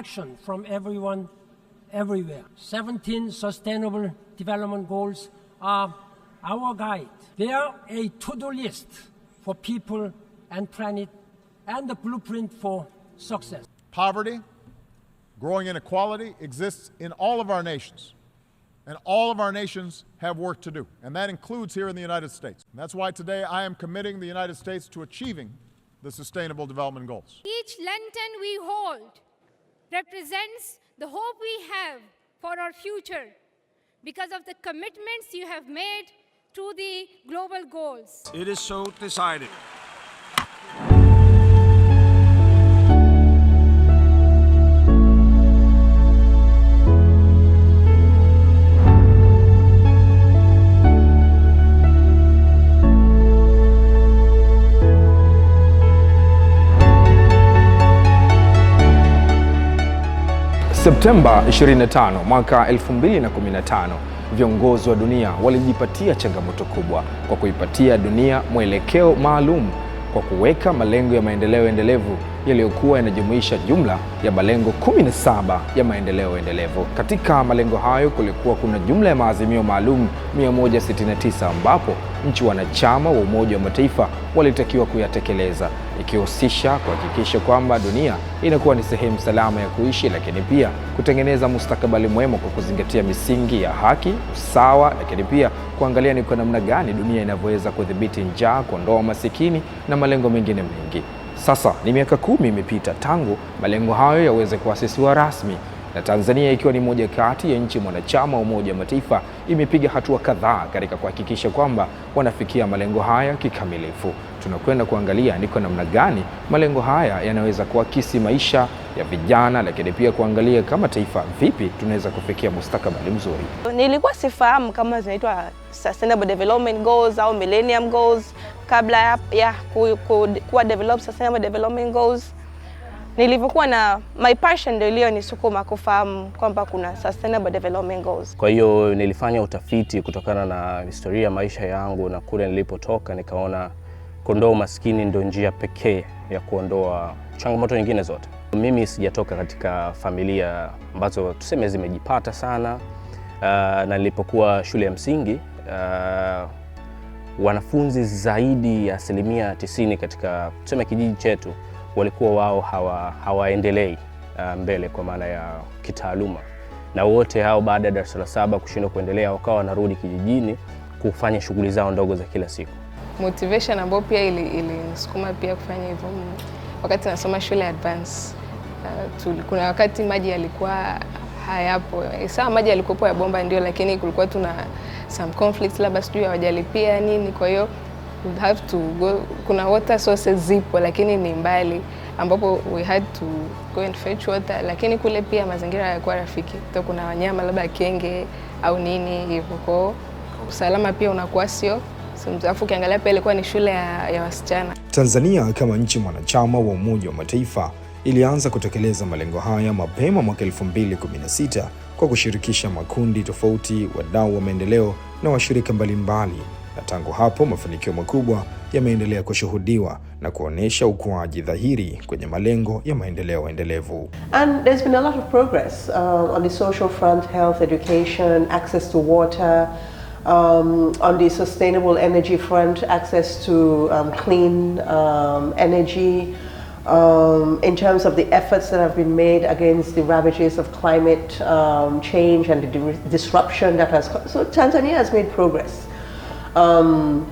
action from everyone everywhere. 17 Sustainable Development Goals are our guide. They are a to-do list for people and planet and the blueprint for success. Poverty, growing inequality exists in all of our nations. And all of our nations have work to do. And that includes here in the United States. And that's why today I am committing the United States to achieving the Sustainable Development Goals. Each lantern we hold represents the hope we have for our future because of the commitments you have made to the global goals. It is so decided. Septemba 25 mwaka 2015 viongozi wa dunia walijipatia changamoto kubwa kwa kuipatia dunia mwelekeo maalum kwa kuweka malengo ya maendeleo endelevu yaliyokuwa yanajumuisha jumla ya malengo 17 ya maendeleo endelevu. Katika malengo hayo kulikuwa kuna jumla ya maazimio maalum 169 ambapo nchi wanachama wa Umoja wa Mataifa walitakiwa kuyatekeleza, ikihusisha kuhakikisha kwamba dunia inakuwa ni sehemu salama ya kuishi, lakini pia kutengeneza mustakabali mwema kwa kuzingatia misingi ya haki, usawa, lakini pia kuangalia ni kwa namna gani dunia inavyoweza kudhibiti njaa, kuondoa masikini na malengo mengine mengi. Sasa ni miaka kumi imepita tangu malengo hayo yaweze kuasisiwa rasmi na Tanzania ikiwa ni moja kati ya nchi mwanachama wa Umoja wa Mataifa imepiga hatua kadhaa katika kuhakikisha kwamba wanafikia malengo haya kikamilifu. Tunakwenda kuangalia ni kwa namna gani malengo haya yanaweza kuakisi maisha ya vijana, lakini pia kuangalia kama taifa vipi tunaweza kufikia mustakabali mzuri. Nilikuwa sifahamu kama zinaitwa sustainable development goals au millennium goals, kabla ya, ya ku, ku, kuwa develop sustainable development goals. Nilivyokuwa na my passion ndio iliyonisukuma kufahamu kwamba kuna sustainable development goals. Kwa hiyo nilifanya utafiti kutokana na historia ya maisha yangu na kule nilipotoka, nikaona kuondoa umaskini ndio njia pekee ya kuondoa changamoto nyingine zote. Mimi sijatoka katika familia ambazo tuseme zimejipata sana. Uh, na nilipokuwa shule ya msingi uh, wanafunzi zaidi ya asilimia tisini katika tuseme kijiji chetu walikuwa wao hawaendelei hawa uh, mbele kwa maana ya kitaaluma, na wote hao baada ya darasa la saba kushindwa kuendelea wakawa wanarudi kijijini kufanya shughuli zao ndogo za kila siku. Motivation ambayo pia ilinisukuma ili pia kufanya hivyo, wakati nasoma shule advance uh, kuna wakati maji yalikuwa hayapo, sawa maji yalikuwepo ya bomba ndio, lakini kulikuwa tuna some conflicts, labda sijui hawajalipia nini, kwa hiyo we have to go. Kuna water sources zipo, lakini ni mbali, ambapo we had to go and fetch water, lakini kule pia mazingira hayakuwa rafiki, to kuna wanyama labda kenge au nini hivyo, kwa usalama pia unakuwa sio Alafu ukiangalia pia ilikuwa ni shule ya, ya wasichana. Tanzania kama nchi mwanachama wa Umoja wa Mataifa ilianza kutekeleza malengo haya mapema mwaka 2016 kwa kushirikisha makundi tofauti, wadau wa maendeleo na washirika mbalimbali, na tangu hapo mafanikio makubwa yameendelea kushuhudiwa na kuonyesha ukuaji dhahiri kwenye malengo ya maendeleo endelevu. And there's been a lot of progress uh, on the social front, health, education, access to water, um, on the sustainable energy front, access to um, clean um, energy um, in terms of the efforts that have been made against the ravages of climate um, change and the di disruption that has come. So Tanzania has made progress. Um,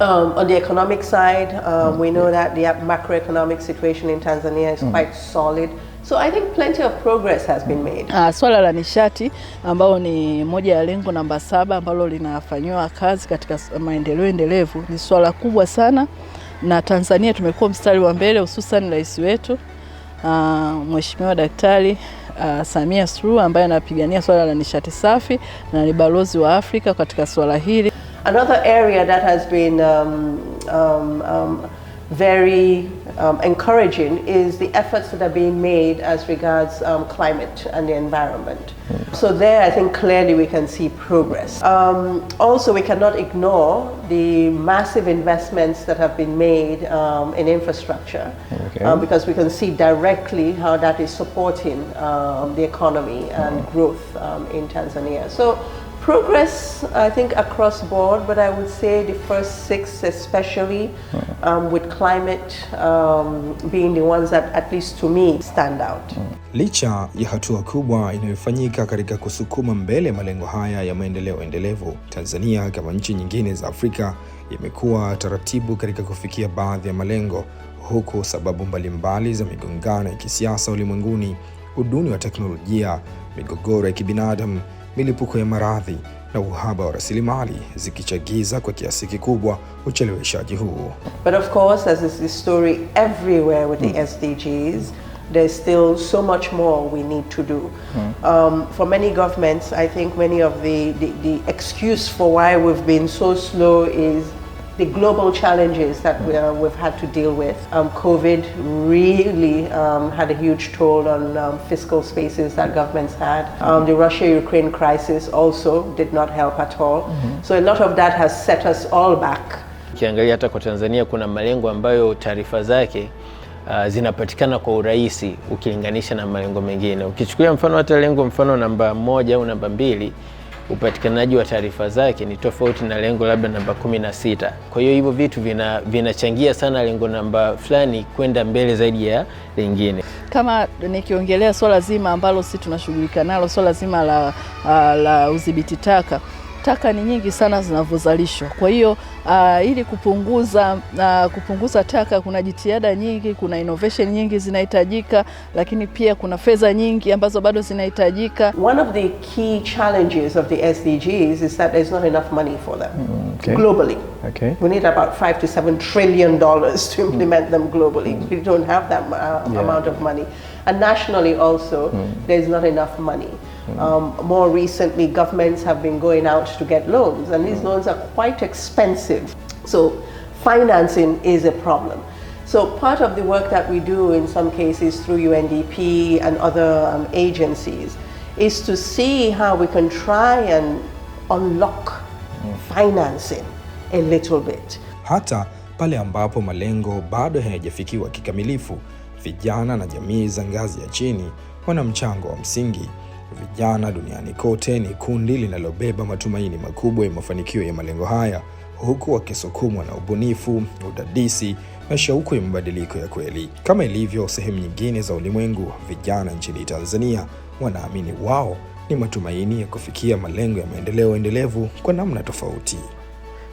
um on the economic side, um, we mm-hmm. know that the macroeconomic situation in Tanzania is mm. quite solid. So I think plenty of progress has been mm-hmm. made. Uh, swala la nishati ambalo ni moja ya lengo namba saba ambalo linafanyiwa kazi katika maendeleo endelevu ni swala kubwa sana na Tanzania tumekuwa mstari wa mbele hususan rais wetu uh, Mheshimiwa Daktari uh, Samia Suluhu ambaye anapigania swala la nishati safi na ni balozi wa Afrika katika swala hili. Another area that has been um, um, um, very um, encouraging is the efforts that are being made as regards um, climate and the environment. Hmm. So, there I think clearly we can see progress. Um, also, we cannot ignore the massive investments that have been made um, in infrastructure okay. Um, because we can see directly how that is supporting um, the economy and hmm. growth in Tanzania. So, progress, I think, across board, but I would say the first six, especially hmm. um, with climate um, being the ones that at least to me stand out. Hmm. Licha ya hatua kubwa inayofanyika katika kusukuma mbele malengo haya ya maendeleo endelevu, Tanzania kama nchi nyingine za Afrika imekuwa taratibu katika kufikia baadhi ya malengo, huku sababu mbalimbali za migongano ya kisiasa ulimwenguni, uduni wa teknolojia, migogoro ya kibinadamu milipuko ya maradhi na uhaba wa rasilimali zikichagiza kwa kiasi kikubwa ucheleweshaji huu. But of course, as is the story everywhere with the hmm. SDGs, there's still so much more we need to do. Hmm. Um, for many governments, I think many of the, the, the excuse for why we've been so slow is the global challenges that we, uh, we've had to deal with. Um, COVID really um, had a huge toll on um, fiscal spaces that governments had. Um, the Russia Ukraine crisis also did not help at all. Mm -hmm. So a lot of that has set us all back. Ukiangalia hata kwa Tanzania kuna malengo ambayo taarifa zake uh, zinapatikana kwa urahisi ukilinganisha na malengo mengine. Ukichukulia mfano hata lengo mfano namba moja au namba mbili upatikanaji wa taarifa zake ni tofauti na lengo labda namba 16. Kwa hiyo hivyo vitu vinachangia vina sana lengo namba fulani kwenda mbele zaidi ya lingine. Kama nikiongelea swala zima ambalo sisi tunashughulika nalo, swala zima la, ah, la udhibiti taka taka ni nyingi sana zinavyozalishwa. Kwa hiyo uh, ili kupunguza uh, kupunguza taka kuna jitihada nyingi, kuna innovation nyingi zinahitajika, lakini pia kuna fedha nyingi ambazo bado zinahitajika. One of the key challenges of the SDGs is that there's not enough money for them mm, okay. globally. Okay. We need about 5 to 7 trillion dollars to mm. implement mm. them globally. Mm. We don't have that uh, yeah. amount of money. And nationally also mm. there's not enough money. Mm. Um, more recently, governments have been going out to get loans, and these mm. loans are quite expensive. So, financing is a problem. So, part of the work that we do in some cases through UNDP and other um, agencies is to see how we can try and unlock mm. financing a little bit. Hata pale ambapo malengo bado hayajafikiwa kikamilifu, vijana na jamii za ngazi ya chini wana mchango wa msingi. Vijana duniani kote ni kundi linalobeba matumaini makubwa ya mafanikio ya malengo haya, huku wakisukumwa na ubunifu, udadisi na shauku ya mabadiliko ya kweli. Kama ilivyo sehemu nyingine za ulimwengu, vijana nchini Tanzania wanaamini wao ni matumaini ya kufikia malengo ya maendeleo endelevu kwa namna tofauti.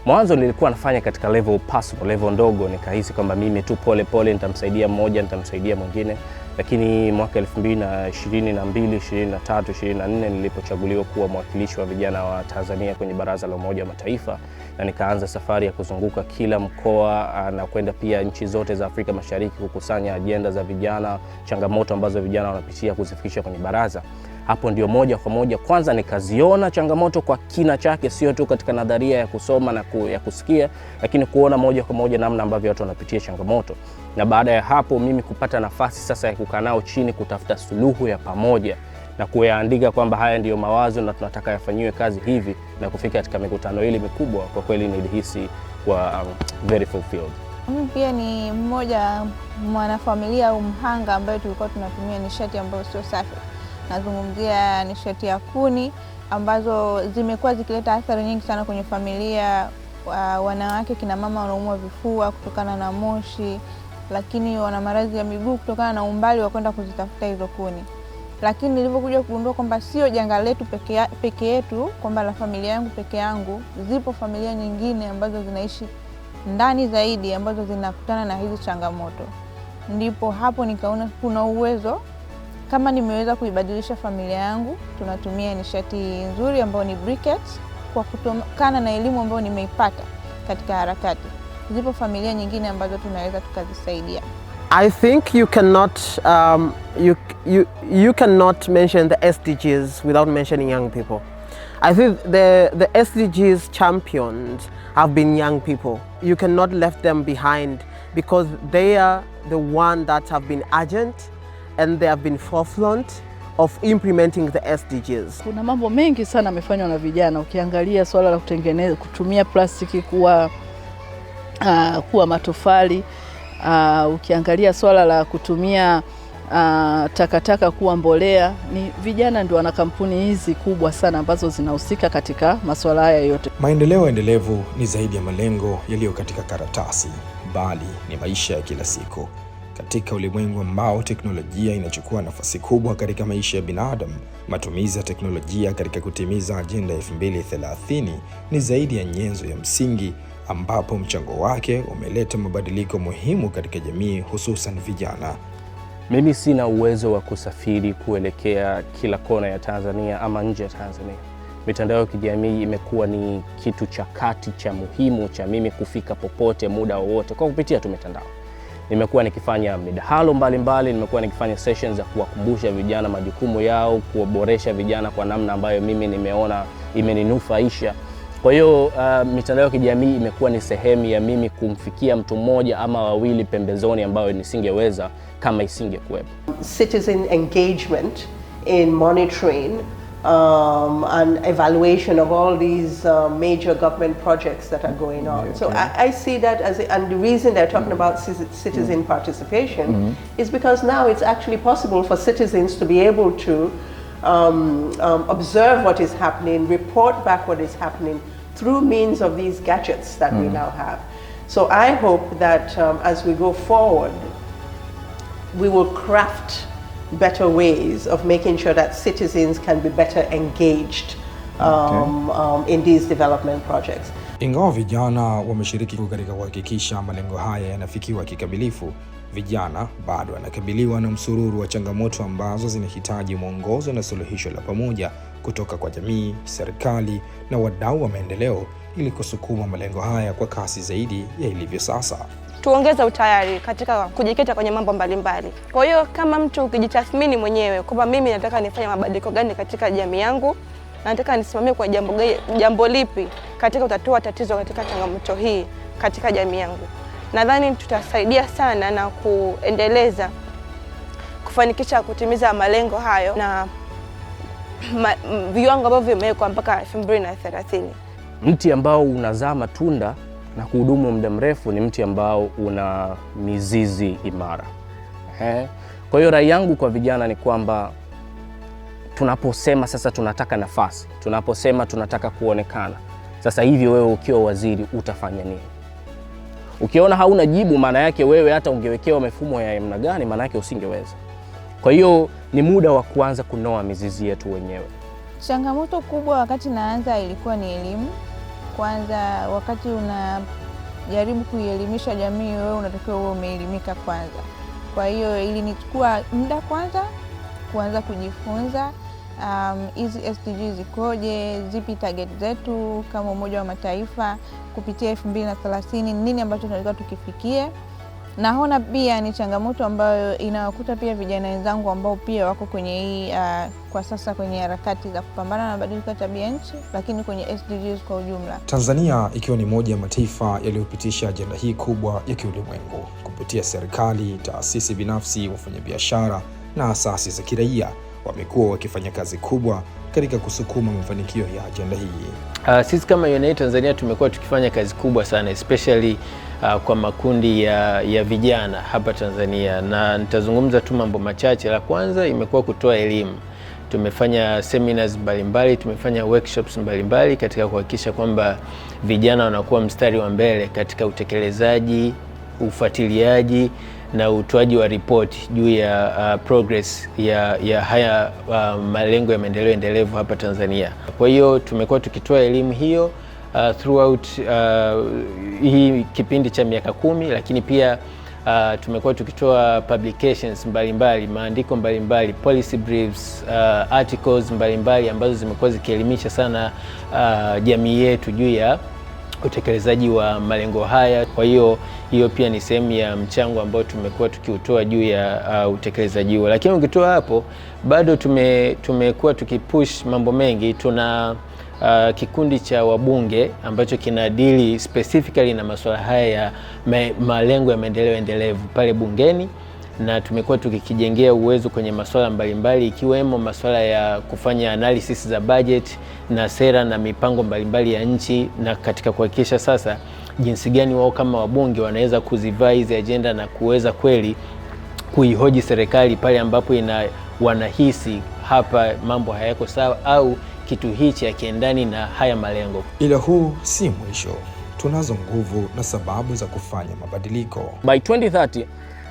Mwanzo nilikuwa nafanya katika level possible, level ndogo, nikahisi kwamba mimi tu pole pole nitamsaidia mmoja, nitamsaidia mwingine lakini mwaka 2022, 23, 24 nilipochaguliwa kuwa mwakilishi wa vijana wa Tanzania kwenye Baraza la Umoja wa Mataifa na nikaanza safari ya kuzunguka kila mkoa ah, na kwenda pia nchi zote za Afrika Mashariki kukusanya ajenda za vijana, changamoto ambazo vijana wanapitia kuzifikisha kwenye baraza hapo ndio moja kwa moja kwanza nikaziona changamoto kwa kina chake, sio tu katika nadharia ya kusoma na ku, ya kusikia, lakini kuona moja kwa moja namna ambavyo watu wanapitia changamoto, na baada ya hapo mimi kupata nafasi sasa ya kukaa nao chini kutafuta suluhu ya pamoja na kuyaandika kwamba haya ndiyo mawazo na tunataka yafanyiwe kazi hivi na kufika katika mikutano ile mikubwa. Kwa kweli nilihisi kwa um, very fulfilled. Mimi pia ni mmoja mwanafamilia au mhanga ambaye tulikuwa tunatumia nishati ambayo sio safi nazungumzia nishati ya kuni ambazo zimekuwa zikileta athari nyingi sana kwenye familia, wanawake, kina mama wanaumwa vifua kutokana na moshi, lakini wana maradhi ya miguu kutokana na umbali wa kwenda kuzitafuta hizo kuni. Lakini nilivyokuja kugundua kwamba sio janga letu peke yetu, kwamba la familia yangu peke yangu, zipo familia nyingine ambazo zinaishi ndani zaidi ambazo zinakutana na hizi changamoto, ndipo hapo nikaona kuna uwezo kama nimeweza kuibadilisha familia yangu, tunatumia nishati nzuri ambayo ni briquettes, kwa kutokana na elimu ambayo nimeipata katika harakati. Zipo familia nyingine ambazo tunaweza tukazisaidia. I think you cannot, um, you, you, you cannot mention the SDGs without mentioning young people. I think the, the SDGs champions have been young people. You cannot left them behind because they are the one that have been urgent and they have been forefront of implementing the SDGs. Kuna mambo mengi sana amefanywa na vijana, ukiangalia swala la kutengeneza kutumia plastiki kuwa, uh, kuwa matofali uh, ukiangalia swala la kutumia uh, takataka kuwa mbolea, ni vijana ndio wana kampuni hizi kubwa sana ambazo zinahusika katika masuala haya yote. Maendeleo endelevu ni zaidi ya malengo yaliyo katika karatasi, bali ni maisha ya kila siku. Katika ulimwengu ambao teknolojia inachukua nafasi kubwa katika maisha ya binadamu, matumizi ya teknolojia katika kutimiza ajenda 2030 ni zaidi ya nyenzo ya msingi, ambapo mchango wake umeleta mabadiliko muhimu katika jamii, hususan vijana. Mimi sina uwezo wa kusafiri kuelekea kila kona ya Tanzania ama nje ya Tanzania. Mitandao ya kijamii imekuwa ni kitu cha kati cha muhimu cha mimi kufika popote muda wowote kwa kupitia tu mitandao nimekuwa nikifanya midahalo mbalimbali, nimekuwa nikifanya sessions za kuwakumbusha vijana majukumu yao, kuwaboresha vijana kwa namna ambayo mimi nimeona imeninufaisha. Kwa hiyo uh, mitandao ya kijamii imekuwa ni sehemu ya mimi kumfikia mtu mmoja ama wawili pembezoni ambayo nisingeweza kama isingekuwepo. Citizen engagement in monitoring um, an evaluation of all these uh, major government projects that are going on. Okay. So I, I, see that as, a, and the reason they're talking mm. about citizen mm. participation mm is because now it's actually possible for citizens to be able to um, um, observe what is happening, report back what is happening through means of these gadgets that mm. we now have. So I hope that um, as we go forward, we will craft better ways of making sure that citizens can be better engaged um, okay. um, in these development projects. Ingawa vijana wameshiriki katika kuhakikisha malengo haya yanafikiwa kikamilifu, vijana bado wanakabiliwa na msururu wa changamoto ambazo zinahitaji mwongozo na suluhisho la pamoja kutoka kwa jamii, serikali na wadau wa maendeleo ili kusukuma malengo haya kwa kasi zaidi ya ilivyo sasa. Tuongeze utayari katika kujikita kwenye mambo mbalimbali. Kwa hiyo kama mtu ukijitathmini mwenyewe kwamba mimi nataka nifanye mabadiliko gani katika jamii yangu, nataka nisimamie kwa jambo, jambo lipi katika kutatua tatizo katika changamoto hii katika jamii yangu, nadhani tutasaidia sana na kuendeleza kufanikisha kutimiza malengo hayo na viwango ambavyo vimewekwa mpaka 2030. Mti ambao unazaa matunda na kuhudumu muda mrefu ni mti ambao una mizizi imara. He. Kwa hiyo rai yangu kwa vijana ni kwamba tunaposema sasa tunataka nafasi, tunaposema tunataka kuonekana, sasa hivi wewe ukiwa waziri utafanya nini? Ukiona hauna jibu, maana yake wewe hata ungewekewa mifumo ya namna gani, maana yake usingeweza. Kwa hiyo ni muda wa kuanza kunoa mizizi yetu wenyewe. Changamoto kubwa wakati naanza ilikuwa ni elimu. Kwanza wakati unajaribu kuielimisha jamii, wewe unatakiwa uwe umeelimika kwanza. Kwa hiyo ilinichukua muda kwanza kuanza kujifunza um, hizi um, SDG zikoje, zipi target zetu kama Umoja wa Mataifa kupitia elfu mbili na thelathini, nini ambacho tunatakiwa tukifikie. Naona pia ni changamoto ambayo inawakuta pia vijana wenzangu ambao pia wako kwenye hii uh, kwa sasa kwenye harakati za kupambana na mabadiliko ya tabia nchi, lakini kwenye SDGs kwa ujumla. Tanzania ikiwa ni moja ya mataifa yaliyopitisha ajenda hii kubwa ya kiulimwengu kupitia serikali, taasisi binafsi, wafanyabiashara na asasi za kiraia wamekuwa wakifanya kazi kubwa katika kusukuma mafanikio ya ajenda hii. Uh, sisi kama UNA Tanzania tumekuwa tukifanya kazi kubwa sana especially uh, kwa makundi ya, ya vijana hapa Tanzania na nitazungumza tu mambo machache. La kwanza imekuwa kutoa elimu tumefanya seminars mbalimbali, tumefanya workshops mbalimbali katika kuhakikisha kwamba vijana wanakuwa mstari wa mbele katika utekelezaji, ufuatiliaji na utoaji wa ripoti juu ya uh, progress ya, ya haya uh, malengo ya maendeleo endelevu hapa Tanzania. Kwa hiyo tumekuwa tukitoa elimu hiyo uh, throughout uh, hii kipindi cha miaka kumi, lakini pia uh, tumekuwa tukitoa publications mbalimbali mbali, maandiko mbalimbali mbali, policy briefs uh, articles mbalimbali mbali, ambazo zimekuwa zikielimisha sana uh, jamii yetu juu ya utekelezaji wa malengo haya. Kwa hiyo hiyo pia ni sehemu ya mchango ambao tumekuwa tukiutoa juu ya uh, utekelezaji huo, lakini ukitoa hapo bado tume, tumekuwa tukipush mambo mengi. Tuna uh, kikundi cha wabunge ambacho kinadili specifically na masuala haya ya malengo ya maendeleo endelevu pale bungeni na tumekuwa tukikijengea uwezo kwenye masuala mbalimbali ikiwemo masuala ya kufanya analysis za budget na sera na mipango mbalimbali ya nchi, na katika kuhakikisha sasa jinsi gani wao kama wabunge wanaweza kuzivaa hizi ajenda na kuweza kweli kuihoji serikali pale ambapo ina wanahisi hapa mambo hayako sawa au kitu hichi hakiendani na haya malengo. Ila huu si mwisho, tunazo nguvu na sababu za kufanya mabadiliko by 2030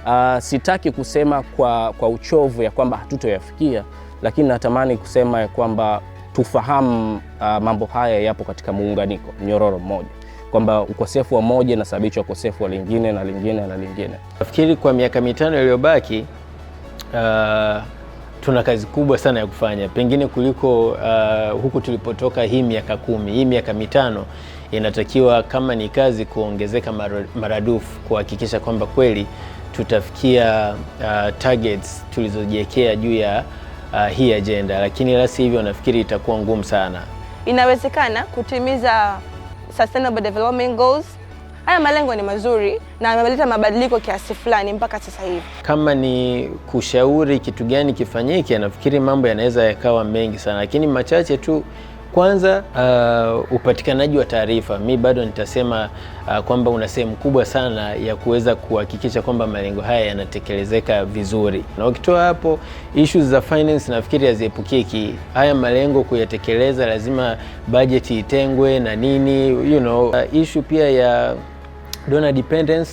Uh, sitaki kusema kwa, kwa uchovu ya kwamba hatutoyafikia, lakini natamani kusema ya kwamba tufahamu uh, mambo haya yapo katika muunganiko mnyororo mmoja, kwamba ukosefu wa moja unasababisha ukosefu wa lingine na lingine na lingine. Nafikiri kwa miaka mitano iliyobaki, uh, tuna kazi kubwa sana ya kufanya, pengine kuliko uh, huku tulipotoka hii miaka kumi. Hii miaka mitano inatakiwa kama ni kazi kuongezeka maradufu kuhakikisha kwamba kweli tutafikia uh, targets tulizojiwekea juu ya uh, hii ajenda, lakini la si hivyo nafikiri itakuwa ngumu sana. Inawezekana kutimiza sustainable development goals. Haya malengo ni mazuri na ameleta mabadiliko kiasi fulani mpaka sasa hivi. Kama ni kushauri kitu gani kifanyike, nafikiri mambo yanaweza yakawa mengi sana, lakini machache tu kwanza uh, upatikanaji wa taarifa, mi bado nitasema uh, kwamba una sehemu kubwa sana ya kuweza kuhakikisha kwamba malengo haya yanatekelezeka vizuri, na ukitoa hapo issues za finance nafikiri haziepukiki. Haya malengo kuyatekeleza, lazima bajeti itengwe na nini, you know uh, issue pia ya donor dependence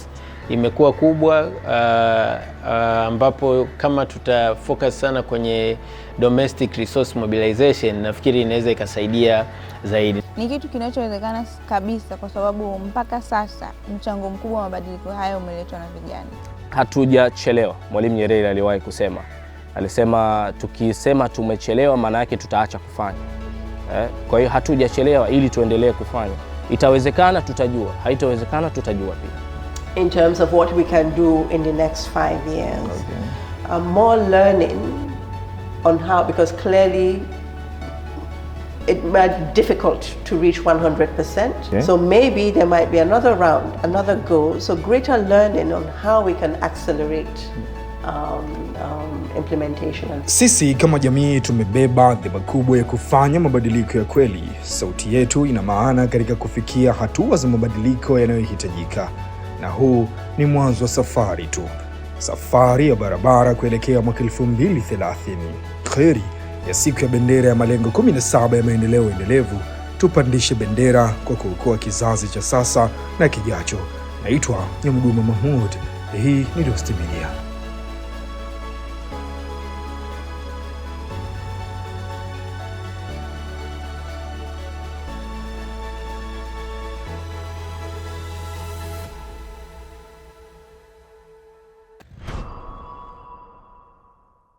imekuwa kubwa ah, ah, ambapo uh, kama tuta focus sana kwenye domestic resource mobilization, nafikiri inaweza ikasaidia zaidi. Ni kitu kinachowezekana kabisa, kwa sababu mpaka sasa mchango mkubwa wa mabadiliko haya umeletwa na vijana. Hatujachelewa. Mwalimu Nyerere aliwahi kusema, alisema tukisema tumechelewa, maana yake tutaacha kufanya eh. Kwa hiyo hatujachelewa, ili tuendelee kufanya. Itawezekana, tutajua; haitawezekana, tutajua pia in terms of what we can do in the next five years. Okay. Uh, more learning on how, because clearly it might be difficult to reach 100%. Okay. So maybe there might be another round, another goal. So greater learning on how we can accelerate. Um, um, implementation. Sisi kama jamii tumebeba dhima kubwa ya kufanya mabadiliko ya kweli. Sauti yetu ina maana katika kufikia hatua za mabadiliko yanayohitajika na huu ni mwanzo wa safari tu, safari ya barabara kuelekea mwaka thelathini. Kheri ya siku ya bendera ya malengo 17 ya maendeleo endelevu, tupandishe bendera kwa kuokoa kizazi cha sasa na kijacho. Naitwa Nyamduma Mahmud, hii ni Dost Media.